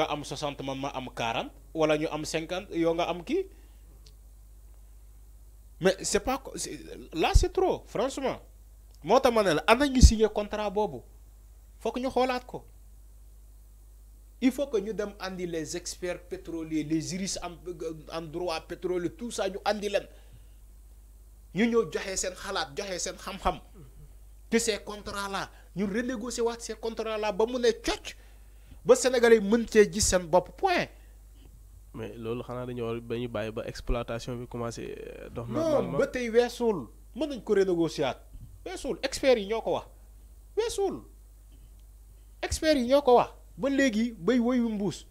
nga am 60 man ma am 40 wala ñu am 50 yo nga am qui mais c'est pas là c'est trop franchement mot à la ana ñu signé contrat boobu faut ñu xoolaat ko il faut que ñu dem andi les experts pétroliers les juristes en en droit pétrole tout ça ñu andi leen ñu ñëw joxe sen xalaat joxe sen xam-xam que ces contrats là ñu renégocier waat ces contrats là ba mu né cocc. ba sénégalais mën cee gis seen bopp point. mais loolu xanaa dañu war ba bàyyi ba exploitation bi commencé. Euh, dox normalement non ba tey weesuul mën nañ ko renégocier at weesuul experts yi ñoo ko wax weesuul experts yi ñoo ko wax ba léegi bay woyu mbuus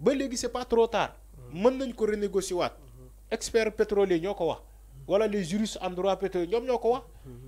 ba léegi c'est pas trop mm-hmm. mën nañ ko renégocier waat. Mm-hmm. experts pétroliers ñoo ko wax wala les juristes en droit pétrolier ñoom ñoo ko wax. Mm-hmm.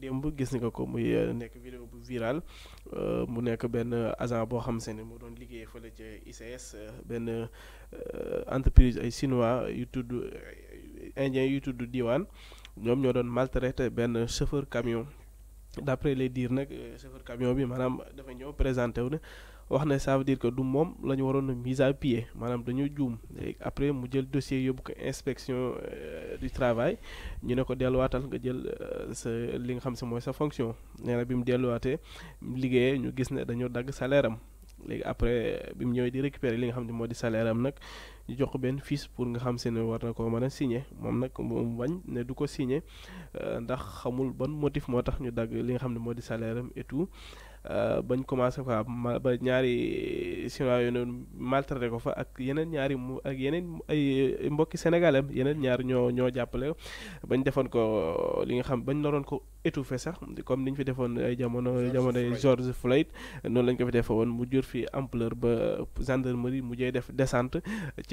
démb gis nga ko muy euh, nekk vidéo bu viral euh, mu nekk benn agent boo xam se ne moo doon liggéey fële ca ICS euh, benn entreprise ay chinois yu tudd indien yu tudd diwaan ñoom ñoo doon maltraité benn chauffeur camion d'après les diir nag chauffeur camion bi maanaam dafa ñëw présenté wu ne wax ne ça veut que du moom la ñu waroon a mise à pied maanaam dañu juum après mu jël dossier yóbbu ko inspection euh, du travail ñu ne ko delluwaatal nga jël euh, sa li nga xam si mooy sa fonction nee bi mu delluwaatee liggéeyee ñu gis ne dañoo dagg salaire am léegi après bi mu ñëwee di récupérer li nga xam ne moo di salaire am nag ñu jox ko benn fiche pour nga xam se ne war na ko mën a signé moom nag moom bañ ne du ko signé euh, ndax xamul ban motif moo tax ñu dagg li nga xam ne moo di salaire am et tout euh, bañ commencé quoi ba ñaari chinois yu noonu maltraité ko fa ak yeneen ñaari mu ak yeneen ay mbokki sénégalais yeneen ñaar ñoo ñoo jàppale bañ defoon ko euh, li nga xam bañ loroon ko étouffé sax comme niñ fi defoon ay jamono jamono George Floyd noonu lañ ko fi defee woon mu jur fi ampleur ba gendarmerie mu mujjee def descente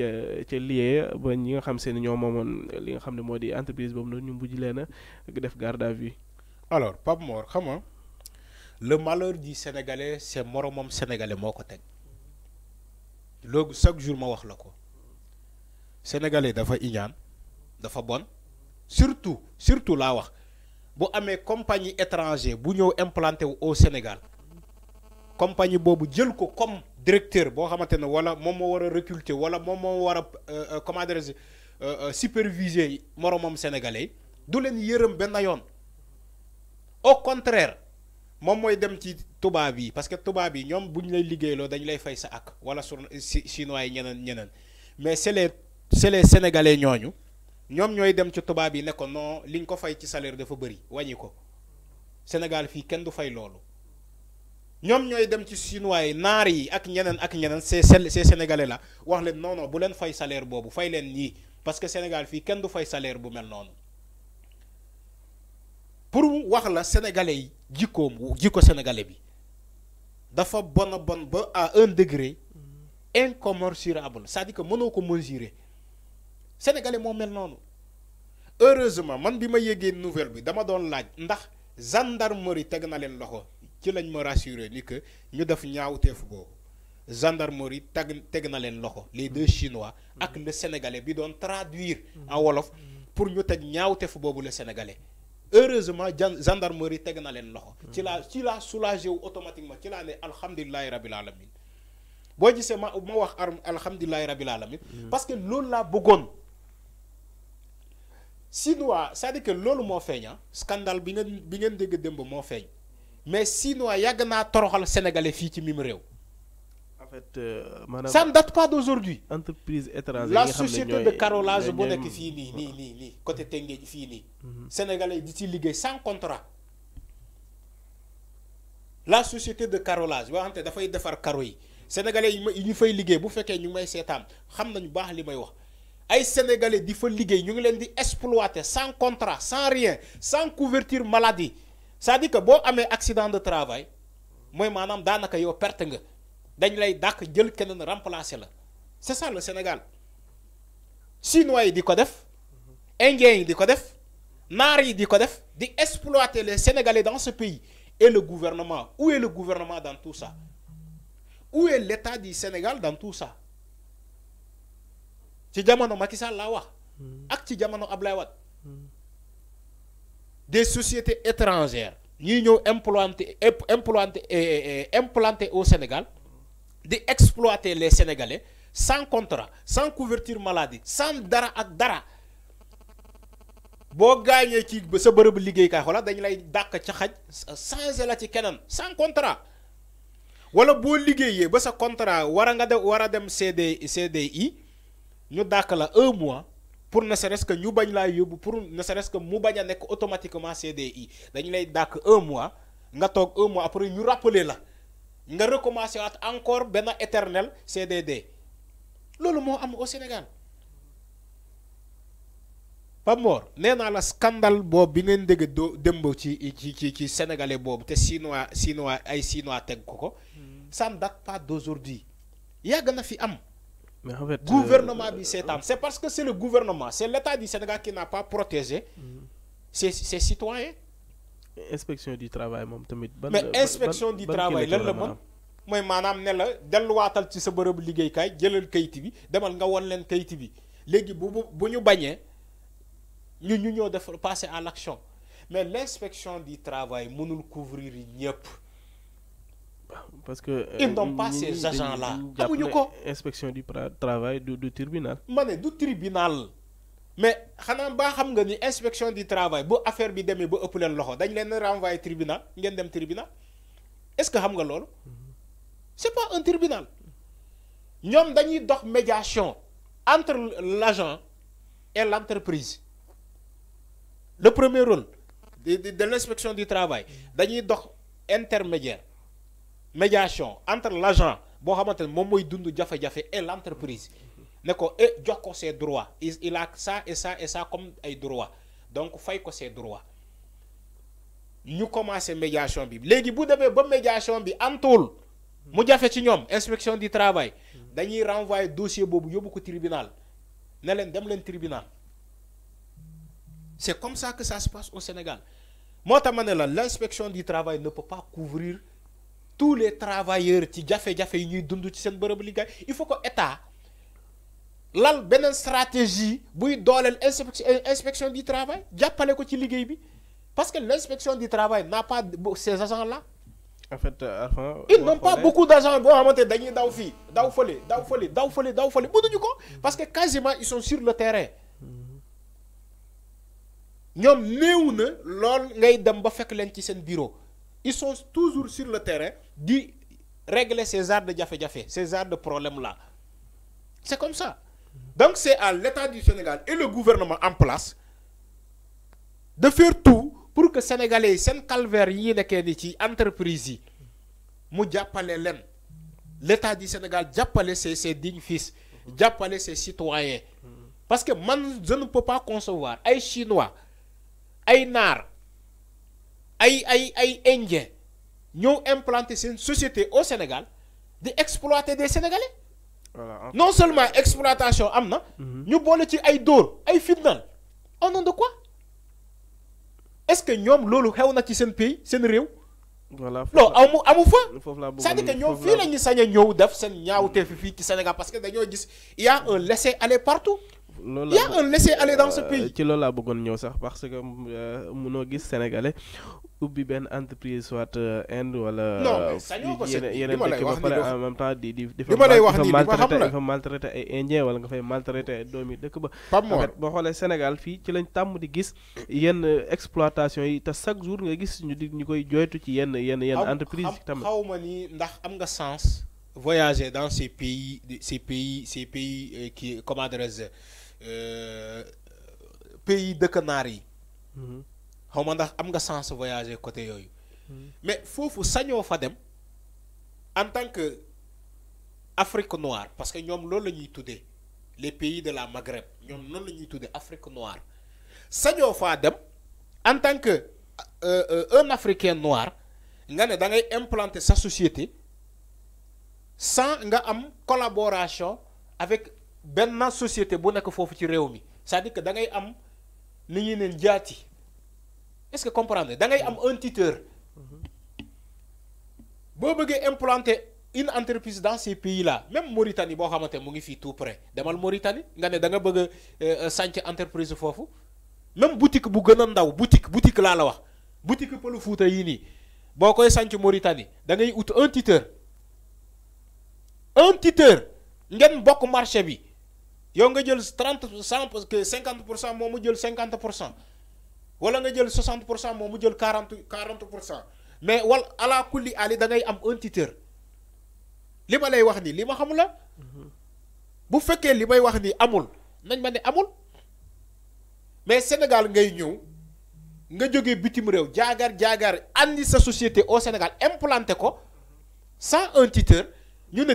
ca ca lié ba ñi nga xam seen ñoo moomoon li nga xam ne moo di entreprise boobu noonu ñu mujj leen a def garde à vue. alors Pape Mor xam nga le malheur du sénégalais c'est moromam sénégalais moo ko teg loolu chaque jour ma wax la ko sénégalais dafa iñaan dafa bon surtout surtout laa wax bu amee compagnie étranger bu ñëw implanté wu au Sénégal compagnie boobu jël ko comme directeur bo xamantene wala mom mo wara a recruter wala mom mo wara a euh, euh, comment dirais-je euh, superviser moromam sénégalais du len yeureum ben yon au contraire mom moy dem ci tubaab bi parce que tubaab bi ñom buñ lay lay lo dañ lay fay sa ak wala chinois ñenen ñenen mais c'est les c'est les sénégalais ñoñu ñom ñoy dem ci tubaab bi ne ko non liñ ko fay ci salaire dafa bëri wàññi ko Sénégal fi kenn du fay loolu ñom ñoy dem ci chinois yi naar yi ak ñenen ak ñenen c'est c'est sénégalais la wax leen non non bu leen fay salaire bobu fay leen ni parce que Sénégal fi kenn du fay salaire bu mel non pour wax la sénégalais yi jikkoom jikko sénégalais bi dafa bon bon ba à 1 degré incommensurable c'est-à-dire que mënoo ko mesurer sénégalais mo mel non heureusement man bima yégué nouvelle bi dama don laaj ndax gendarmerie teg loxo ci lañ ma rassuré ni que ñu def ñaawteef boobu gendarmerie tag teg na leen loxo les deux chinois ak le sénégalais bi doon traduire en wolof pour ñu teg ñaawteef boobu le sénégalais heureusement gendarmerie teg na leen loxo ci la ci la soulagé wu automatiquement ci laa ne alhamdulilahi rabil alamin boo gisee ma ma wax arm alhamdulilahi rabil alamin parce que loolu laa bëggoon chinois ça à dire que loolu moo feeña ah, scandale bi ngeen bi ngeen dégg démb moo feeñ mais sinon yàgg naa toroxal sénégalais fi ci mim rew en fait euh, maanaam ça ne date pas d'aujourd'hui entreprise étrangère la société de carrelage bu nekk fii ni ni nii nii côté tengue fi ni mhm. sénégalais di ci liggéey sans contrat. la société de carrelage boo xam da fay defar carreaux yi sénégalais yi ñu fay liggéey bu fekkee ñu may sétam xam nañu baax li may wax. ay sénégalais di fa liggéey ñu ngi leen di exploiter sans contrat sans rien sans couverture maladie. Ça à dire que bo un accident de travail moy manam danaka yow perte nga dañ lay quelqu'un jël kenen remplacer la c'est ça le Sénégal chinois yi di ko def indiens yi di ko def naar yi di ko def di exploiter les Sénégalais dans ce pays et le gouvernement où est le gouvernement dans tout ça où est l'État du Sénégal dans tout ça ci jamono Macky Sall laa wax ak ci jamono ablaye wat des sociétés étrangères qui ont implanté, au Sénégal d'exploiter les Sénégalais sans contrat sans couverture maladie sans dara ak dara si gagné ci sa lay xaj sans sans contrat wala bo liggéeyee ba sa contrat wara a nga de CDI un mois pour ne serait-ce que ñu bañ laa yobu pour ne serait-ce que mu bañ automatiquement CDI dañu lay dàkk un mois nga toog un mois après ñu rappeler la nga recommencer waat encore benn éternel CDD loolu moo am au Sénégal pas mort nee la scandale Bob bi ngeen dégg doo démb ci ci ci sénégalais Bob, te chinois chinois ay chinois teg ko ko hmm. ça ne date pas d'aujourd'hui yàgg na fi am le gouvernement bi euh, seetaan c'est parce que c'est le gouvernement c'est l'État du Sénégal qui n'a pas protégé mm. ses citoyens. inspection du travail mais inspection du travail lan la mën. mooy loi ne la delluwaatal ci sa bërëbu liggéeykaay jëlal kayit bi demal nga won leen kayit bi léegi bu ñu ñu passer à l'action mais l'inspection du travail mënul couvrir euh, ils n'ont pas ces agents là. inspection du travail du tribunal. du tribunal. mais quand on xam nga inspection du travail bu affaire bi demee ba ëpp leen loxo dañ len renvoyer tribunal ngeen dem tribunal est-ce que xam nga ce mm-hmm. c'est pas un tribunal. ñom dañuy une médiation entre l'agent et l'entreprise le premier rôle de l'inspection du travail dañuy dox intermédiaire médiation entre l'agent agent boo xamante ne moom mooy dund jafe et l' entreprise e eh, ses droits il a ça et ça et ça comme ay droits donc fay ko ses droits ñu commencé médiation bi léegi bu demee ba médiation bi tout mu jafe ci ñoom inspection du travail dañuy renvoyer dossier bobu yóbbu ko tribunal ne leen dem leen tribunal c'est comme ça que ça se passe au Sénégal moi tax la du travail ne peut pas couvrir tous les travailleurs ci jafé jafé ñuy dund ci seen bërëbu liggéey il faut que état lal benen stratégie buy dooleel inspection du travail jàppale ko ci liggéey bi parce que l'inspection du travail n'a pas ces agents là. en fait euh, ils n'ont pas beaucoup d'argent agents boo xamante dañuy daw fii daw fële daw fële daw fële daw fële mënuñu ko mm-hmm. parce que quasiment ils sont sur le terrain. ñom néwuna lool ngay dem ba fekk leen ci sen bureau ils sont toujours sur le terrain de régler ces arts de déjà fait ces arts de problème là c'est comme ça donc c'est à l'État du Sénégal et le gouvernement en place de faire tout pour que sénégalais sen calvaire yi l'État du Sénégal jàppale ses dignes fils jàppale ses citoyens parce que je ne peux pas concevoir un chinois ay Nars, ay ay ont implanter une société au Sénégal d'exploiter exploiter des Sénégalais. non seulement euh, exploitation amna mhm. ñu et ci ay nom de quoi est-ce que nous sommes là, na pays non amu cest que nous nous a Sénégal parce que y a un laisser-aller partout loolu la un laisser aller dans ce euh, pays. ci loolu laa bëggoon ñëw sax parce que euh, mënoo gis sénégalais ubbi benn entreprise soit euh, Inde wala. non mais yeneen dëkk ba pare en même temps di di. di ma lay wax nii di xam la fa maltraité ay indiens wala nga fay maltraité doomi dëkk ba. Pape Mor boo xoolee Sénégal fii ci lañ tàmm di gis yenn exploitation yi te chaque jour nga gis ñu di ñu koy jooytu ci yenn yenn yenn entreprise yi tamit. xaw ma ni ndax am nga sens. voyager dans ces pays ces pays ces pays qui comment dirais-je euh, pays de Canary. yi. xaw ma am sens voyager côté yooyu. mais Fofu sañoo fa en tant que Afrique noire parce que nous sommes tous les pays de la Maghreb nous sommes tous les Afrique noire sañoo en tant que euh, euh, un Africain noir nous avons implanté sa société sans une collaboration avec benn société bu nek fofu ci réew mi c'est-à-dire que da ngay am li est-ce que comprendre da ngay am un tuteur bo bëggee implanter une entreprise dans ces pays là même Mauritanie bo xamante mu ngi fi tout près demal Mauritanie nga né da nga bëgg a euh, entreprise fofu même boutique bu gëna ndaw boutique boutique la la wax boutique pour le yii nii bokoy koy Mauritanie da ngay ut un tuteur un tuteur ngeen bokk marché bi yow nga jël 50%. parce que 50% pour jël 50% wala nga jël mais wal ala kulli ali da ngay am un titeur li lay wax ni li ma xam la bu fekkee li wax ni amul nañ ma ne amul mais Sénégal ngay ñëw nga joggé bitim jaagar jaagar andi sa société au Sénégal implanté ko sans un titeur ñu ne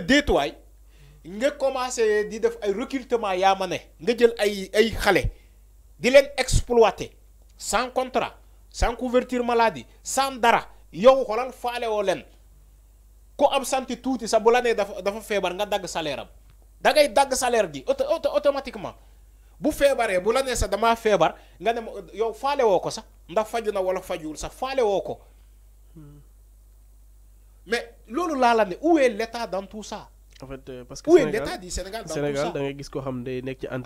nga commencé di def ay recrutement yamane ne nga jël ay ay xalé di len exploiter sans contrat sans couverture maladie sans dara yow xolal faale wo len ko am santé touti sa bu la dafa dafa feebar nga dag salaire am da ngay dagg salaire gi automatiquement bu feebaree bu la sa dama damaa nga ne yow faale wo ko sa ndax faju na wala fajuwul sa faale wo ko hmm. mais loolu la ne où est l'état dans tout ça. en fait euh, parce que Sénégal oui ngay gis koo xam day nekk ci entreprise.